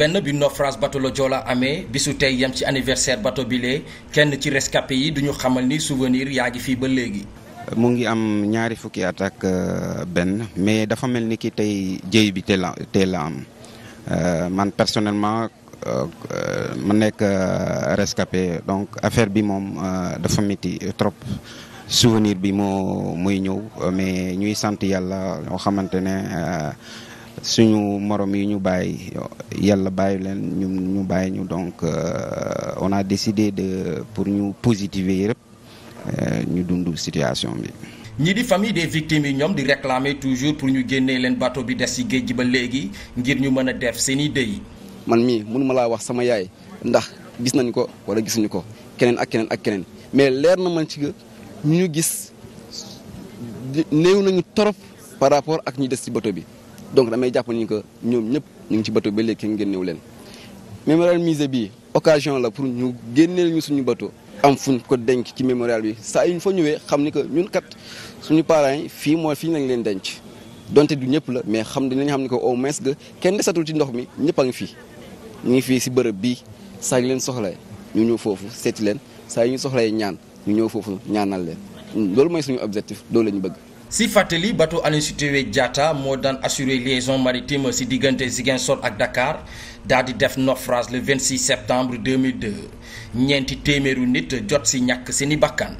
benn bi naufrage bateau la Joola amee bisu tey yam ci anniversaire bateau bi lee kenn ci rescapé yi duñu xamal ni souvenir yaa ngi fii ba léegi. mu ngi am ñaari fukki at ak euh, benn mais dafa mel ni ki tey jëy bi teel la teel la am euh, man personnellement euh, ma nekk rescapé donc affaire bi moom dafa métti trop. souvenir bi moo muy ñëw mais ñuy sant yàlla ñoo xamante ne suñu morom yi ñu bàyyi yàlla bàyyi leen ñu ñu bàyyi ñu donc euh, on a décidé de pour ñu positiver yëpp euh, ñu dundu situation bi. ñii di famille des victimes yi ñoom di réclamer toujours pour ñu génnee leen bateau bi des ci géej gi ba léegi ngir ñu mën a def seen i dëy. man mii mënuma laa wax sama yaay ndax gis nañ ko wala gisuñu ko keneen ak keneen ak keneen mais leer na man ci ñu gis néew nañu torop par rapport ak ñu des ci bateau bi. donc damay jàpp ni que ñoom ñëpp ñu ngi ci bateau ba léegi kenn génnewu leen mémorial musée bi occasion la pour ñu génneel ñu suñu bateau am fuñ ko denc ci mémorial bi saa yu ñu fa ñëwee xam ni que ñun kat suñu parents yi fii mooy fii lañ leen denc donte du ñëpp la mais xam dinañ xam ni que au moins que kenn desatul ci ndox mi ñëpp a ngi fii ñu ngi fii si bërëb bi saa yu leen soxlae ñu ñëw foofu seeti leen saa yu ñu yi ñaan ñu ñëw foofu ñaanal leen loolu mooy suñu objectif loolu la ñu bëgg si fàttali bateau Aline Sitoé Diatta moo daan assurer liaison maritime si diggante Ziguinchor ak Dakar dal di def naufrage le 26 septembre 2002 ñeenti téeméeru nit jot si ñàkk seeni bakkan.